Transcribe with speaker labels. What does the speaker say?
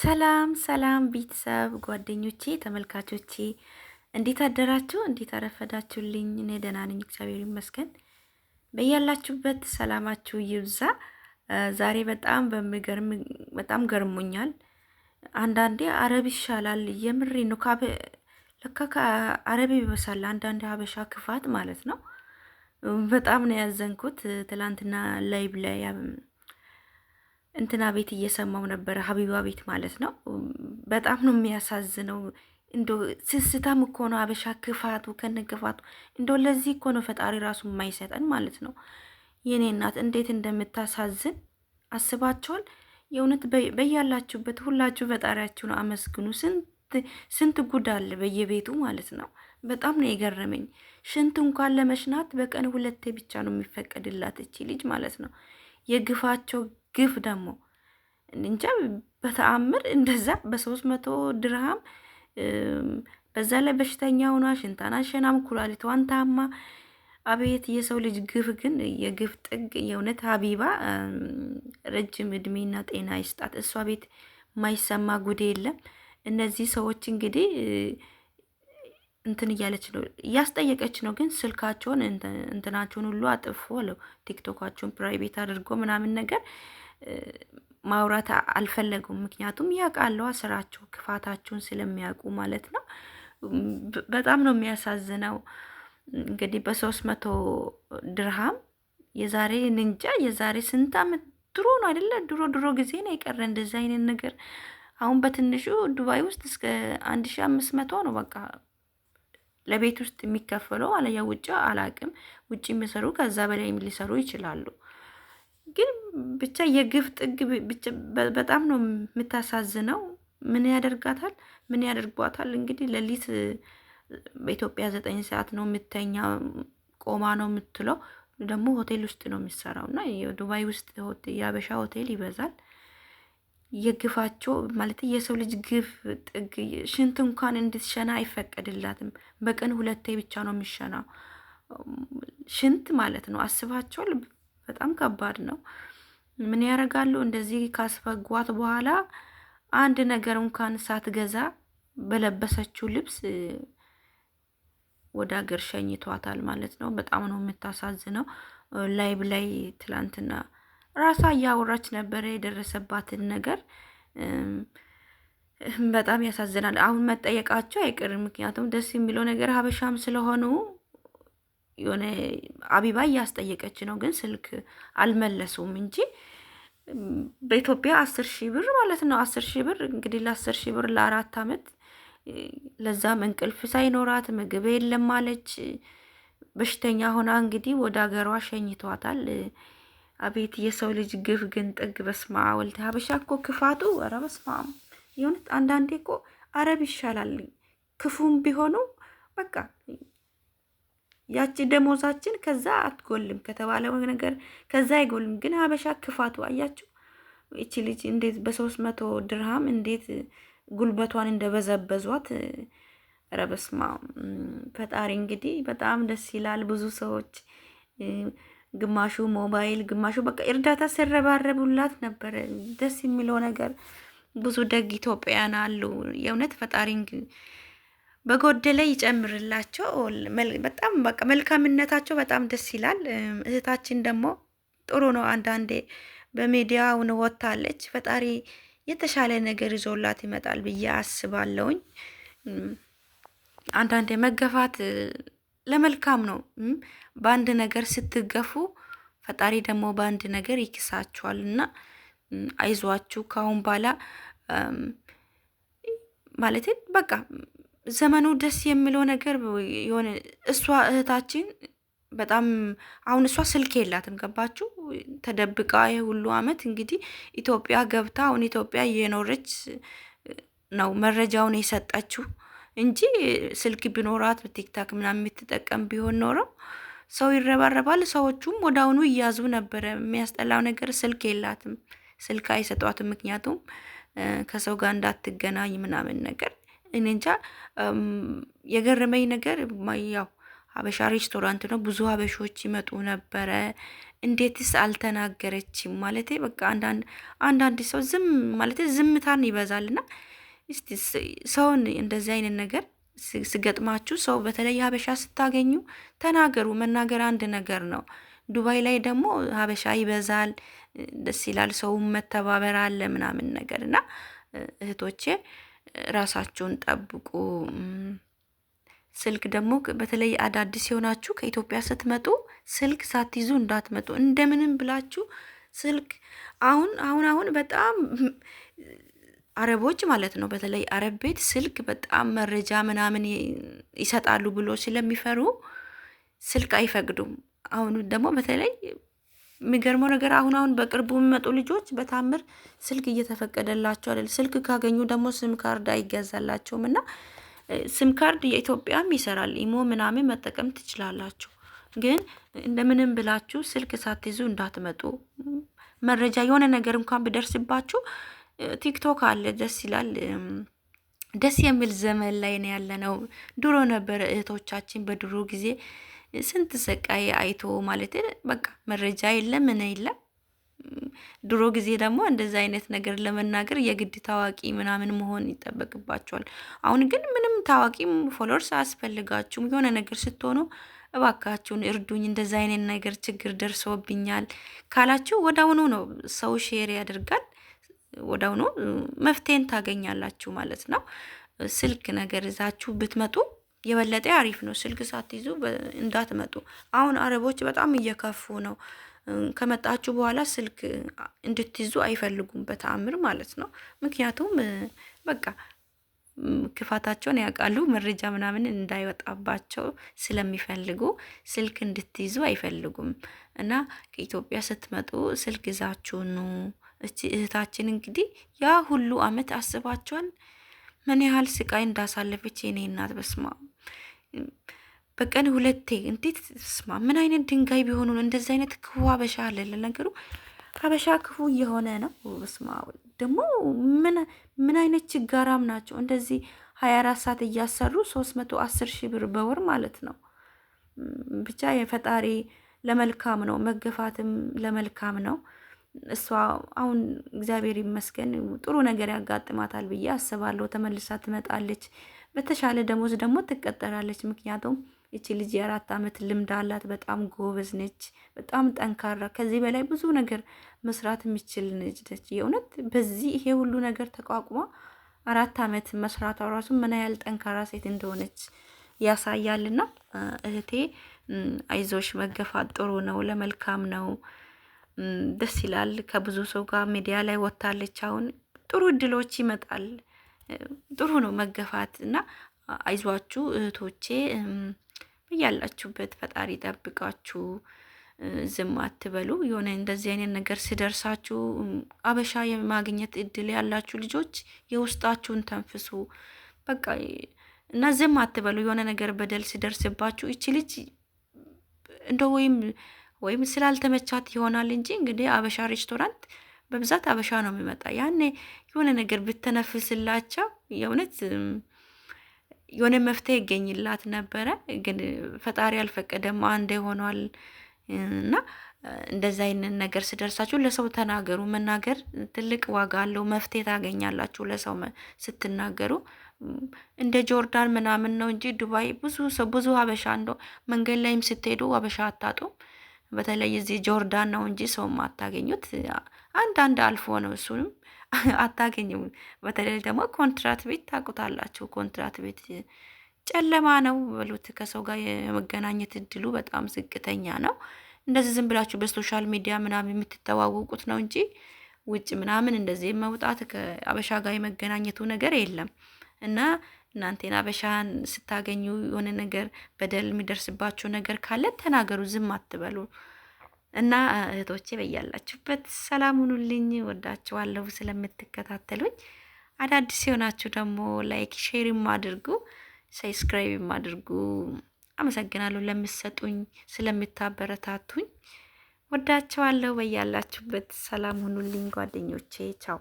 Speaker 1: ሰላም ሰላም ቤተሰብ ጓደኞቼ ተመልካቾቼ እንዴት አደራችሁ? እንዴት አረፈዳችሁልኝ? እኔ ደህና ነኝ፣ እግዚአብሔር ይመስገን። በያላችሁበት ሰላማችሁ ይብዛ። ዛሬ በጣም በሚገርም በጣም ገርሞኛል። አንዳንዴ አረብ ይሻላል፣ የምሬ ነው። ለካ ከአረብ ይበሳል አንዳንዴ ሀበሻ ክፋት ማለት ነው። በጣም ነው ያዘንኩት ትላንትና ላይብ ላይ እንትና ቤት እየሰማው ነበረ፣ ሀቢባ ቤት ማለት ነው። በጣም ነው የሚያሳዝነው። እንዶ ስስታም እኮ ነው አበሻ ክፋቱ ከነክፋቱ። እንዶ ለዚህ እኮ ነው ፈጣሪ ራሱ የማይሰጠን ማለት ነው። የኔ እናት እንዴት እንደምታሳዝን አስባችኋል? የእውነት በያላችሁበት ሁላችሁ ፈጣሪያችሁን አመስግኑ። ስንት ጉድ አለ በየቤቱ ማለት ነው። በጣም ነው የገረመኝ። ሽንት እንኳን ለመሽናት በቀን ሁለቴ ብቻ ነው የሚፈቀድላት እቺ ልጅ ማለት ነው። የግፋቸው ግፍ ደግሞ እንጃ በተአምር እንደዛ በሶስት መቶ ድርሃም በዛ ላይ በሽተኛ ሆኗ ሽንታና ሸናም ኩላሊቷን ታማ አቤት የሰው ልጅ ግፍ ግን የግፍ ጥግ የእውነት ሀቢባ ረጅም እድሜና ጤና ይስጣት እሷ ቤት ማይሰማ ጉዴ የለም እነዚህ ሰዎች እንግዲህ እንትን እያለች ነው እያስጠየቀች ነው። ግን ስልካቸውን እንትናቸውን ሁሉ አጥፎ አለው ቲክቶካቸውን ፕራይቬት አድርጎ ምናምን ነገር ማውራት አልፈለጉም። ምክንያቱም ያውቃለዋ ስራቸው ክፋታቸውን ስለሚያውቁ ማለት ነው። በጣም ነው የሚያሳዝነው። እንግዲህ በሶስት መቶ ድርሃም የዛሬ ንንጃ የዛሬ ስንት አመት ድሮ ነው አይደለ? ድሮ ድሮ ጊዜ ነው የቀረ እንደዚህ አይነት ነገር። አሁን በትንሹ ዱባይ ውስጥ እስከ አንድ ሺ አምስት መቶ ነው በቃ ለቤት ውስጥ የሚከፈለው አለያ ውጭ አላቅም። ውጭ የሚሰሩ ከዛ በላይ ሊሰሩ ይችላሉ። ግን ብቻ የግፍ ጥግ በጣም ነው የምታሳዝነው። ምን ያደርጋታል? ምን ያደርጓታል? እንግዲህ ሌሊት በኢትዮጵያ ዘጠኝ ሰዓት ነው የምተኛ ቆማ ነው የምትለው። ደግሞ ሆቴል ውስጥ ነው የሚሰራው እና የዱባይ ውስጥ የአበሻ ሆቴል ይበዛል። የግፋቸው ማለት የሰው ልጅ ግፍ ጥግ ሽንት እንኳን እንድትሸና አይፈቀድላትም። በቀን ሁለቴ ብቻ ነው የሚሸናው ሽንት ማለት ነው። አስባቸዋል። በጣም ከባድ ነው። ምን ያደርጋሉ? እንደዚህ ካስፈጓት በኋላ አንድ ነገር እንኳን ሳትገዛ በለበሰችው ልብስ ወደ ሀገር ሸኝቷታል ማለት ነው። በጣም ነው የምታሳዝነው። ላይብ ላይ ትላንትና ራሷ እያወራች ነበረ የደረሰባትን ነገር። በጣም ያሳዝናል። አሁን መጠየቃቸው አይቀርም። ምክንያቱም ደስ የሚለው ነገር ሀበሻም ስለሆኑ የሆነ አቢባ እያስጠየቀች ነው፣ ግን ስልክ አልመለሱም እንጂ በኢትዮጵያ አስር ሺህ ብር ማለት ነው። አስር ሺህ ብር እንግዲህ ለአስር ሺህ ብር ለአራት አመት ለዛም እንቅልፍ ሳይኖራት ምግብ የለም አለች። በሽተኛ ሆና እንግዲህ ወደ ሀገሯ ሸኝቷታል። አቤት የሰው ልጅ ግፍ ግን ጥግ። በስመ አብ ወልድ ሀበሻ እኮ ክፋቱ ኧረ በስመ አብ የሆነት አንዳንዴ እኮ አረብ ይሻላል። ክፉም ቢሆኑ በቃ ያቺ ደሞዛችን ከዛ አትጎልም ከተባለ ነገር ከዛ አይጎልም። ግን ሀበሻ ክፋቱ አያችሁ። ይቺ ልጅ እንዴት በሶስት መቶ ድርሃም እንዴት ጉልበቷን እንደበዘበዟት ረበስማ ፈጣሪ። እንግዲህ በጣም ደስ ይላል ብዙ ሰዎች ግማሹ ሞባይል፣ ግማሹ በቃ እርዳታ ሲረባረቡላት ነበረ። ደስ የሚለው ነገር ብዙ ደግ ኢትዮጵያን አሉ። የእውነት ፈጣሪን በጎደለ ይጨምርላቸው። በጣም በቃ መልካምነታቸው በጣም ደስ ይላል። እህታችን ደግሞ ጥሩ ነው። አንዳንዴ ውን ወታለች። ፈጣሪ የተሻለ ነገር ይዞላት ይመጣል ብዬ አስባለሁኝ። አንዳንዴ መገፋት ለመልካም ነው። በአንድ ነገር ስትገፉ ፈጣሪ ደግሞ በአንድ ነገር ይክሳችኋል እና አይዟችሁ። ከአሁን በኋላ ማለት በቃ ዘመኑ ደስ የሚለው ነገር የሆነ እሷ እህታችን በጣም አሁን እሷ ስልክ የላትም። ገባችሁ? ተደብቃ የሁሉ አመት እንግዲህ ኢትዮጵያ ገብታ አሁን ኢትዮጵያ እየኖረች ነው መረጃውን የሰጠችው። እንጂ ስልክ ቢኖራት በቲክታክ ምናምን የምትጠቀም ቢሆን ኖረው ሰው ይረባረባል። ሰዎቹም ወደ አሁኑ እያዙ ነበረ። የሚያስጠላው ነገር ስልክ የላትም፣ ስልክ አይሰጧትም። ምክንያቱም ከሰው ጋር እንዳትገናኝ ምናምን ነገር እኔ እንጃ። የገረመኝ ነገር ያው ሀበሻ ሬስቶራንት ነው፣ ብዙ ሀበሾች ይመጡ ነበረ። እንዴትስ አልተናገረችም? ማለቴ በቃ አንዳንድ አንዳንድ ሰው ዝም ማለቴ ዝምታን ይበዛልና እስቲ ሰውን እንደዚህ አይነት ነገር ስገጥማችሁ ሰው በተለይ ሀበሻ ስታገኙ ተናገሩ። መናገር አንድ ነገር ነው። ዱባይ ላይ ደግሞ ሀበሻ ይበዛል፣ ደስ ይላል። ሰው መተባበር አለ ምናምን ነገር እና እህቶቼ ራሳችሁን ጠብቁ። ስልክ ደግሞ በተለይ አዳዲስ የሆናችሁ ከኢትዮጵያ ስትመጡ ስልክ ሳትይዙ እንዳትመጡ። እንደምንም ብላችሁ ስልክ አሁን አሁን አሁን በጣም አረቦች ማለት ነው። በተለይ አረብ ቤት ስልክ በጣም መረጃ ምናምን ይሰጣሉ ብሎ ስለሚፈሩ ስልክ አይፈቅዱም። አሁን ደግሞ በተለይ የሚገርመው ነገር አሁን አሁን በቅርቡ የሚመጡ ልጆች በታምር ስልክ እየተፈቀደላቸው አይደል። ስልክ ካገኙ ደግሞ ስም ካርድ አይገዛላቸውም እና ስም ካርድ የኢትዮጵያም ይሰራል ኢሞ ምናምን መጠቀም ትችላላችሁ። ግን እንደምንም ብላችሁ ስልክ ሳትይዙ እንዳትመጡ። መረጃ የሆነ ነገር እንኳን ቢደርስባችሁ ቲክቶክ አለ፣ ደስ ይላል። ደስ የሚል ዘመን ላይ ነው ያለ ነው። ድሮ ነበረ እህቶቻችን በድሮ ጊዜ ስንት ሰቃይ አይቶ ማለት በቃ መረጃ የለ ምን የለ። ድሮ ጊዜ ደግሞ እንደዚ አይነት ነገር ለመናገር የግድ ታዋቂ ምናምን መሆን ይጠበቅባቸዋል። አሁን ግን ምንም ታዋቂ ፎሎወርስ አያስፈልጋችሁም። የሆነ ነገር ስትሆኑ እባካችሁን እርዱኝ፣ እንደዚ አይነት ነገር ችግር ደርሶብኛል ካላችሁ ወደ አሁኑ ነው ሰው ሼር ያደርጋል ወዳውኑ መፍትሄን ታገኛላችሁ ማለት ነው። ስልክ ነገር ይዛችሁ ብትመጡ የበለጠ አሪፍ ነው። ስልክ ሳትይዙ እንዳትመጡ። አሁን አረቦች በጣም እየከፉ ነው። ከመጣችሁ በኋላ ስልክ እንድትይዙ አይፈልጉም በተአምር ማለት ነው። ምክንያቱም በቃ ክፋታቸውን ያውቃሉ። መረጃ ምናምን እንዳይወጣባቸው ስለሚፈልጉ ስልክ እንድትይዙ አይፈልጉም እና ከኢትዮጵያ ስትመጡ ስልክ ይዛችሁ እቺ እህታችን እንግዲህ ያ ሁሉ አመት አስባቸዋል ምን ያህል ስቃይ እንዳሳለፈች የኔ እናት። በስማ በቀን ሁለቴ እንዴት ስማ፣ ምን አይነት ድንጋይ ቢሆኑ ነው እንደዚህ አይነት ክፉ ሀበሻ አለ። ለነገሩ ሀበሻ ክፉ እየሆነ ነው። በስማ ደግሞ ምን አይነት ችጋራም ናቸው እንደዚህ ሀያ አራት ሰዓት እያሰሩ ሶስት መቶ አስር ሺህ ብር በወር ማለት ነው። ብቻ የፈጣሪ ለመልካም ነው፣ መገፋትም ለመልካም ነው። እሷ አሁን እግዚአብሔር ይመስገን ጥሩ ነገር ያጋጥማታል ብዬ አስባለሁ። ተመልሳ ትመጣለች፣ በተሻለ ደሞዝ ደግሞ ትቀጠራለች። ምክንያቱም እቺ ልጅ የአራት ዓመት ልምድ አላት። በጣም ጎበዝ ነች፣ በጣም ጠንካራ፣ ከዚህ በላይ ብዙ ነገር መስራት የሚችል ልጅ ነች። የእውነት በዚህ ይሄ ሁሉ ነገር ተቋቁማ አራት ዓመት መስራቷ ራሱ ምን ያህል ጠንካራ ሴት እንደሆነች ያሳያልና እህቴ አይዞሽ፣ መገፋት ጥሩ ነው፣ ለመልካም ነው። ደስ ይላል። ከብዙ ሰው ጋር ሚዲያ ላይ ወጥታለች። አሁን ጥሩ እድሎች ይመጣል። ጥሩ ነው መገፋት እና አይዟችሁ እህቶቼ፣ እያላችሁበት ፈጣሪ ጠብቃችሁ ዝም አትበሉ። የሆነ እንደዚህ አይነት ነገር ሲደርሳችሁ አበሻ የማግኘት እድል ያላችሁ ልጆች የውስጣችሁን ተንፍሱ። በቃ እና ዝም አትበሉ። የሆነ ነገር በደል ሲደርስባችሁ እቺ ልጅ እንደ ወይም ወይም ስላልተመቻት ይሆናል እንጂ እንግዲህ አበሻ ሬስቶራንት በብዛት አበሻ ነው የሚመጣ። ያኔ የሆነ ነገር ብትነፍስላቸው የእውነት የሆነ መፍትሄ ይገኝላት ነበረ። ግን ፈጣሪ አልፈቀደም፣ አንድ ሆኗል እና እንደዛ አይነት ነገር ስደርሳችሁ ለሰው ተናገሩ። መናገር ትልቅ ዋጋ አለው። መፍትሄ ታገኛላችሁ ለሰው ስትናገሩ። እንደ ጆርዳን ምናምን ነው እንጂ ዱባይ ብዙ ሰው ብዙ ሀበሻ እንደ መንገድ ላይም ስትሄዱ ሀበሻ አታጡም። በተለይ እዚህ ጆርዳን ነው እንጂ ሰውም አታገኙት። አንዳንድ አልፎ ነው እሱንም አታገኝም። በተለይ ደግሞ ኮንትራት ቤት ታውቁታላችሁ። ኮንትራት ቤት ጨለማ ነው በሉት። ከሰው ጋር የመገናኘት እድሉ በጣም ዝቅተኛ ነው። እንደዚህ ዝም ብላችሁ በሶሻል ሚዲያ ምናምን የምትተዋወቁት ነው እንጂ ውጭ ምናምን እንደዚህ መውጣት ከአበሻ ጋር የመገናኘቱ ነገር የለም እና እናንተን አበሻን ስታገኙ የሆነ ነገር በደል የሚደርስባቸው ነገር ካለ ተናገሩ፣ ዝም አትበሉ። እና እህቶቼ በያላችሁበት ሰላም ሁኑልኝ። ወዳችኋለሁ ስለምትከታተሉኝ። አዳዲስ የሆናችሁ ደግሞ ላይክ ሼርም አድርጉ፣ ሰብስክራይብም አድርጉ። አመሰግናለሁ ለምትሰጡኝ፣ ስለምታበረታቱኝ። ወዳችኋለሁ። በያላችሁበት ሰላም ሁኑልኝ ጓደኞቼ። ቻው